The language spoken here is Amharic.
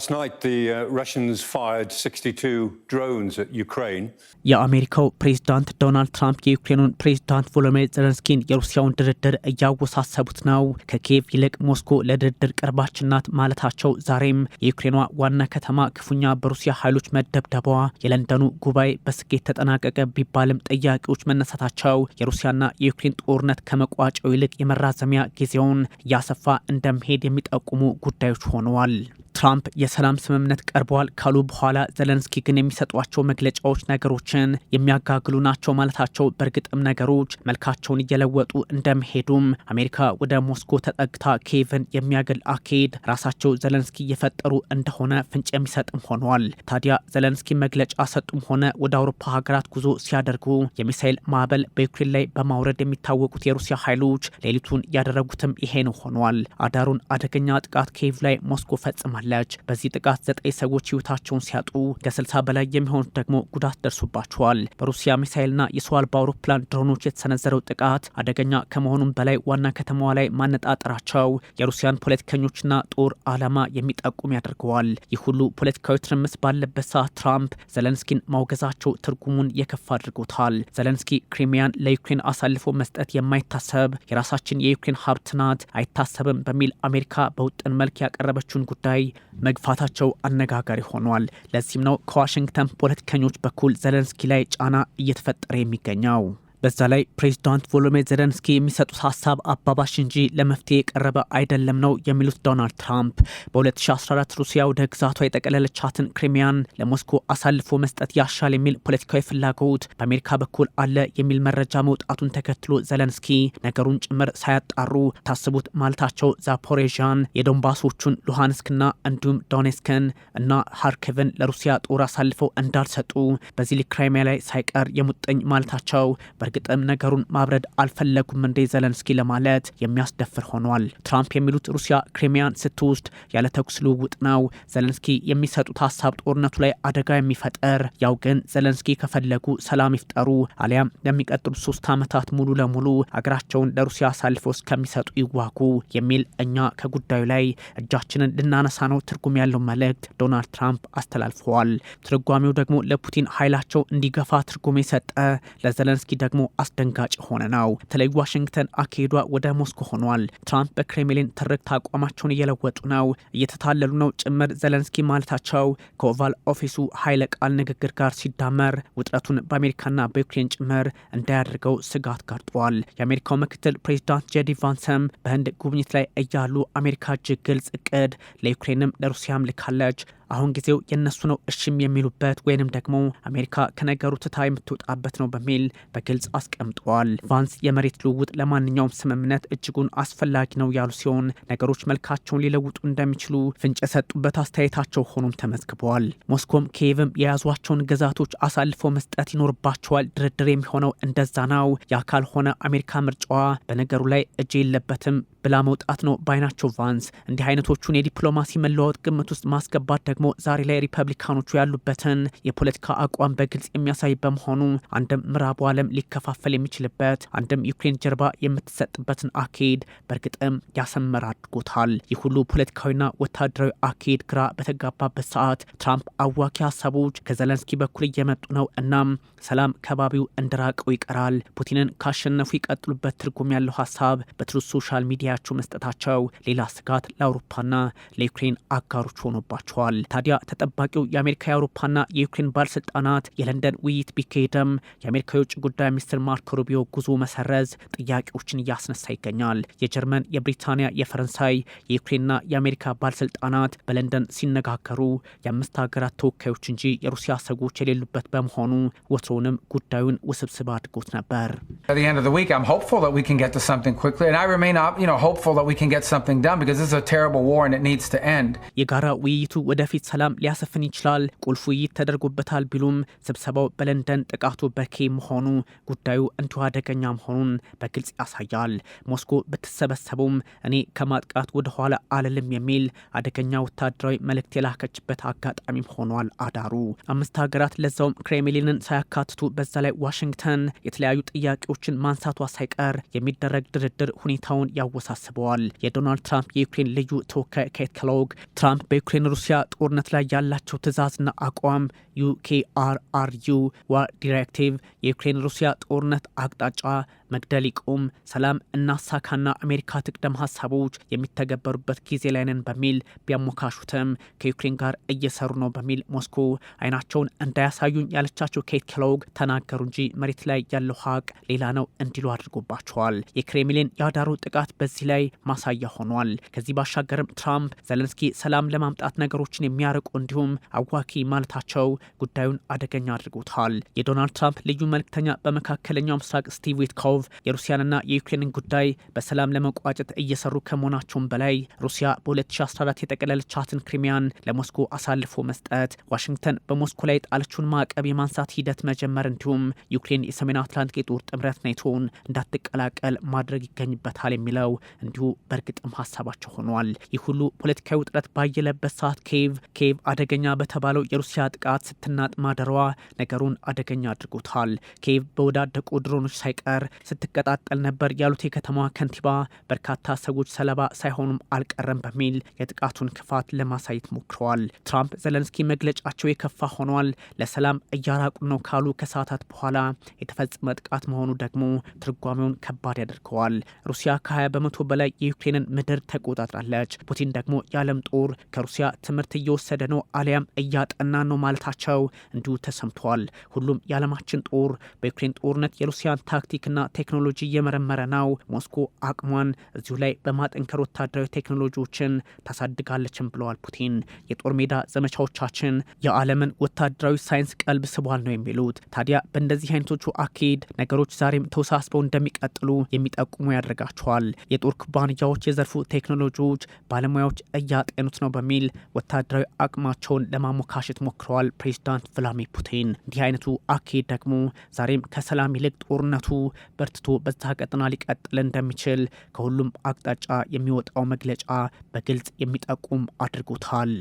Uh, የአሜሪካው ፕሬዝዳንት ዶናልድ ትራምፕ የዩክሬኑን ፕሬዝዳንት ቮሎዲሚር ዘለንስኪን የሩሲያውን ድርድር እያወሳሰቡት ነው። ከኪየቭ ይልቅ ሞስኮ ለድርድር ቅርባችን ናት ማለታቸው ዛሬም የዩክሬኗ ዋና ከተማ ክፉኛ በሩሲያ ኃይሎች መደብደቧ፣ የለንደኑ ጉባኤ በስኬት ተጠናቀቀ ቢባልም ጥያቄዎች መነሳታቸው የሩሲያና የዩክሬን ጦርነት ከመቋጫው ይልቅ የመራዘሚያ ጊዜውን እያሰፋ እንደመሄድ የሚጠቁሙ ጉዳዮች ሆነዋል። ትራምፕ የሰላም ስምምነት ቀርበዋል ካሉ በኋላ ዘለንስኪ ግን የሚሰጧቸው መግለጫዎች ነገሮችን የሚያጋግሉ ናቸው ማለታቸው በእርግጥም ነገሮች መልካቸውን እየለወጡ እንደመሄዱም አሜሪካ ወደ ሞስኮ ተጠግታ ኬቭን የሚያገል አኬድ ራሳቸው ዘለንስኪ እየፈጠሩ እንደሆነ ፍንጭ የሚሰጥም ሆኗል። ታዲያ ዘለንስኪ መግለጫ ሰጡም ሆነ ወደ አውሮፓ ሀገራት ጉዞ ሲያደርጉ የሚሳይል ማዕበል በዩክሬን ላይ በማውረድ የሚታወቁት የሩሲያ ኃይሎች ሌሊቱን ያደረጉትም ይሄ ነው ሆኗል። አዳሩን አደገኛ ጥቃት ኬቭ ላይ ሞስኮ ፈጽማል አውድማለች። በዚህ ጥቃት ዘጠኝ ሰዎች ህይወታቸውን ሲያጡ ከስልሳ በላይ የሚሆኑት ደግሞ ጉዳት ደርሶባቸዋል። በሩሲያ ሚሳይልና የሰው አልባ አውሮፕላን ድሮኖች የተሰነዘረው ጥቃት አደገኛ ከመሆኑም በላይ ዋና ከተማዋ ላይ ማነጣጠራቸው የሩሲያን ፖለቲከኞችና ጦር ዓላማ የሚጠቁም ያደርገዋል። ይህ ሁሉ ፖለቲካዊ ትርምስ ባለበት ሰዓት ትራምፕ ዘለንስኪን ማውገዛቸው ትርጉሙን የከፋ አድርጎታል። ዘለንስኪ ክሪሚያን ለዩክሬን አሳልፎ መስጠት የማይታሰብ የራሳችን የዩክሬን ሀብት ናት አይታሰብም በሚል አሜሪካ በውጥን መልክ ያቀረበችውን ጉዳይ መግፋታቸው አነጋጋሪ ሆኗል። ለዚህም ነው ከዋሽንግተን ፖለቲከኞች በኩል ዘለንስኪ ላይ ጫና እየተፈጠረ የሚገኘው። በዛ ላይ ፕሬዚዳንት ቮሎሜር ዜለንስኪ የሚሰጡት ሀሳብ አባባሽ እንጂ ለመፍትሄ የቀረበ አይደለም ነው የሚሉት ዶናልድ ትራምፕ። በ2014 ሩሲያ ወደ ግዛቷ የጠቀለለቻትን ክሪሚያን ለሞስኮ አሳልፎ መስጠት ያሻል የሚል ፖለቲካዊ ፍላጎት በአሜሪካ በኩል አለ የሚል መረጃ መውጣቱን ተከትሎ ዜለንስኪ ነገሩን ጭምር ሳያጣሩ ታስቡት ማለታቸው ዛፖሬዣን፣ የዶንባሶቹን ሉሃንስክና እንዲሁም ዶኔስክን እና ሃርኬቭን ለሩሲያ ጦር አሳልፈው እንዳልሰጡ በዚህ ክራይሚያ ላይ ሳይቀር የሙጠኝ ማለታቸው በእርግጥም ነገሩን ማብረድ አልፈለጉም እንዴ ዘለንስኪ ለማለት የሚያስደፍር ሆኗል። ትራምፕ የሚሉት ሩሲያ ክሪሚያን ስትወስድ ያለ ተኩስ ልውውጥ ነው። ዘለንስኪ የሚሰጡት ሀሳብ ጦርነቱ ላይ አደጋ የሚፈጠር ያው ግን ዘለንስኪ ከፈለጉ ሰላም ይፍጠሩ አሊያም ለሚቀጥሉት ሶስት ዓመታት ሙሉ ለሙሉ አገራቸውን ለሩሲያ አሳልፈው እስከሚሰጡ ይዋጉ የሚል እኛ ከጉዳዩ ላይ እጃችንን ልናነሳ ነው ትርጉም ያለው መልእክት ዶናልድ ትራምፕ አስተላልፈዋል። ትርጓሜው ደግሞ ለፑቲን ኃይላቸው እንዲገፋ ትርጉም የሰጠ ለዘለንስኪ ደግሞ ደግሞ አስደንጋጭ የሆነ ነው። በተለይ ዋሽንግተን አካሄዷ ወደ ሞስኮ ሆኗል። ትራምፕ በክሬምሊን ትርክት አቋማቸውን እየለወጡ ነው፣ እየተታለሉ ነው ጭምር ዘለንስኪ ማለታቸው ከኦቫል ኦፊሱ ኃይለ ቃል ንግግር ጋር ሲዳመር ውጥረቱን በአሜሪካና በዩክሬን ጭምር እንዳያደርገው ስጋት ጋርጧል። የአሜሪካው ምክትል ፕሬዚዳንት ጄዲ ቫንስም በህንድ ጉብኝት ላይ እያሉ አሜሪካ እጅግ ግልጽ እቅድ ለዩክሬንም ለሩሲያም ልካለች አሁን ጊዜው የእነሱ ነው እሽም የሚሉበት ወይንም ደግሞ አሜሪካ ከነገሩ ትታ የምትወጣበት ነው በሚል በግልጽ አስቀምጠዋል። ቫንስ የመሬት ልውውጥ ለማንኛውም ስምምነት እጅጉን አስፈላጊ ነው ያሉ ሲሆን ነገሮች መልካቸውን ሊለውጡ እንደሚችሉ ፍንጭ የሰጡበት አስተያየታቸው ሆኖም ተመዝግበዋል። ሞስኮም ኪየቭም የያዟቸውን ግዛቶች አሳልፈው መስጠት ይኖርባቸዋል። ድርድር የሚሆነው እንደዛ ነው። ያ ካልሆነ አሜሪካ ምርጫዋ በነገሩ ላይ እጅ የለበትም ብላ መውጣት ነው ባይናቸው ቫንስ። እንዲህ አይነቶቹን የዲፕሎማሲ መለዋወጥ ግምት ውስጥ ማስገባት ደግሞ ደግሞ ዛሬ ላይ ሪፐብሊካኖቹ ያሉበትን የፖለቲካ አቋም በግልጽ የሚያሳይ በመሆኑ አንድም ምዕራቡ ዓለም ሊከፋፈል የሚችልበት አንድም ዩክሬን ጀርባ የምትሰጥበትን አካሄድ በእርግጥም ያሰመር አድርጎታል። ይህ ሁሉ ፖለቲካዊና ወታደራዊ አካሄድ ግራ በተጋባበት ሰዓት ትራምፕ አዋኪ ሀሳቦች ከዘለንስኪ በኩል እየመጡ ነው። እናም ሰላም ከባቢው እንደራቀው ይቀራል። ፑቲንን ካሸነፉ ይቀጥሉበት ትርጉም ያለው ሀሳብ በትሩዝ ሶሻል ሚዲያቸው መስጠታቸው ሌላ ስጋት ለአውሮፓና ለዩክሬን አጋሮች ሆኖባቸዋል። ታዲያ ተጠባቂው የአሜሪካ የአውሮፓና የዩክሬን ባለስልጣናት የለንደን ውይይት ቢካሄድም የአሜሪካ የውጭ ጉዳይ ሚኒስትር ማርክ ሩቢዮ ጉዞ መሰረዝ ጥያቄዎችን እያስነሳ ይገኛል። የጀርመን፣ የብሪታንያ፣ የፈረንሳይ፣ የዩክሬንና የአሜሪካ ባለስልጣናት በለንደን ሲነጋገሩ የአምስት ሀገራት ተወካዮች እንጂ የሩሲያ ሰዎች የሌሉበት በመሆኑ ወትሮውንም ጉዳዩን ውስብስብ አድርጎት ነበር። የጋራ ውይይቱ ወደፊት ወደፊት ሰላም ሊያሰፍን ይችላል፣ ቁልፍ ውይይት ተደርጎበታል ቢሉም ስብሰባው በለንደን ጥቃቱ በኬ መሆኑ ጉዳዩ እንዲሁ አደገኛ መሆኑን በግልጽ ያሳያል። ሞስኮ ብትሰበሰቡም እኔ ከማጥቃት ወደ ኋላ አልልም የሚል አደገኛ ወታደራዊ መልእክት የላከችበት አጋጣሚም ሆኗል አዳሩ። አምስት ሀገራት ለዛውም ክሬምሊንን ሳያካትቱ በዛ ላይ ዋሽንግተን የተለያዩ ጥያቄዎችን ማንሳቷ ሳይቀር የሚደረግ ድርድር ሁኔታውን ያወሳስበዋል። የዶናልድ ትራምፕ የዩክሬን ልዩ ተወካይ ኬት ትራምፕ በዩክሬን ሩሲያ ጦር ጦርነት ላይ ያላቸው ትዕዛዝና አቋም ዩኬአርአርዩ ዋ ዲሬክቲቭ የዩክሬን ሩሲያ ጦርነት አቅጣጫ መግደሊቁም ሰላም እናሳካና አሜሪካ ትቅደም ሀሳቦች የሚተገበሩበት ጊዜ ላይ ነን በሚል ቢያሞካሹትም ከዩክሬን ጋር እየሰሩ ነው በሚል ሞስኮ አይናቸውን እንዳያሳዩን ያለቻቸው ኬት ኬሎግ ተናገሩ እንጂ መሬት ላይ ያለው ሀቅ ሌላ ነው እንዲሉ አድርጎባቸዋል። የክሬምሊን ያዳሩ ጥቃት በዚህ ላይ ማሳያ ሆኗል። ከዚህ ባሻገርም ትራምፕ ዘለንስኪ ሰላም ለማምጣት ነገሮችን የሚያርቁ እንዲሁም አዋኪ ማለታቸው ጉዳዩን አደገኛ አድርጎታል። የዶናልድ ትራምፕ ልዩ መልክተኛ በመካከለኛው ምስራቅ ስቲቭ ዊትኮቭ ላቭሮቭ የሩሲያንና የዩክሬንን ጉዳይ በሰላም ለመቋጨት እየሰሩ ከመሆናቸውም በላይ ሩሲያ በ2014 የጠቀለለቻትን ክሪሚያን ለሞስኮ አሳልፎ መስጠት፣ ዋሽንግተን በሞስኮ ላይ ጣለችውን ማዕቀብ የማንሳት ሂደት መጀመር እንዲሁም ዩክሬን የሰሜን አትላንቲክ የጦር ጥምረት ኔቶን እንዳትቀላቀል ማድረግ ይገኝበታል የሚለው እንዲሁ በእርግጥም ሀሳባቸው ሆኗል። ይህ ሁሉ ፖለቲካዊ ውጥረት ባየለበት ሰዓት ኬቭ ኬቭ አደገኛ በተባለው የሩሲያ ጥቃት ስትናጥ ማደሯ ነገሩን አደገኛ አድርጎታል። ኬቭ በወዳደቁ ድሮኖች ሳይቀር ስትቀጣጠል ነበር ያሉት የከተማዋ ከንቲባ በርካታ ሰዎች ሰለባ ሳይሆኑም አልቀረም በሚል የጥቃቱን ክፋት ለማሳየት ሞክረዋል። ትራምፕ ዘለንስኪ መግለጫቸው የከፋ ሆኗል፣ ለሰላም እያራቁ ነው ካሉ ከሰዓታት በኋላ የተፈጸመ ጥቃት መሆኑ ደግሞ ትርጓሜውን ከባድ ያደርገዋል። ሩሲያ ከ20 በመቶ በላይ የዩክሬንን ምድር ተቆጣጥራለች። ፑቲን ደግሞ የዓለም ጦር ከሩሲያ ትምህርት እየወሰደ ነው አሊያም እያጠና ነው ማለታቸው እንዲሁ ተሰምቷል። ሁሉም የዓለማችን ጦር በዩክሬን ጦርነት የሩሲያን ታክቲክና ቴክኖሎጂ እየመረመረ ነው። ሞስኮ አቅሟን እዚሁ ላይ በማጠንከር ወታደራዊ ቴክኖሎጂዎችን ታሳድጋለችን ብለዋል ፑቲን። የጦር ሜዳ ዘመቻዎቻችን የዓለምን ወታደራዊ ሳይንስ ቀልብ ስቧል ነው የሚሉት። ታዲያ በእንደዚህ አይነቶቹ አካሄድ ነገሮች ዛሬም ተወሳስበው እንደሚቀጥሉ የሚጠቁሙ ያደርጋቸዋል። የጦር ኩባንያዎች የዘርፉ ቴክኖሎጂዎች ባለሙያዎች እያጤኑት ነው በሚል ወታደራዊ አቅማቸውን ለማሞካሸት ሞክረዋል ፕሬዚዳንት ቭላዲሚር ፑቲን። እንዲህ አይነቱ አካሄድ ደግሞ ዛሬም ከሰላም ይልቅ ጦርነቱ በርትቶ በዛ ቀጠና ሊቀጥል እንደሚችል ከሁሉም አቅጣጫ የሚወጣው መግለጫ በግልጽ የሚጠቁም አድርጎታል።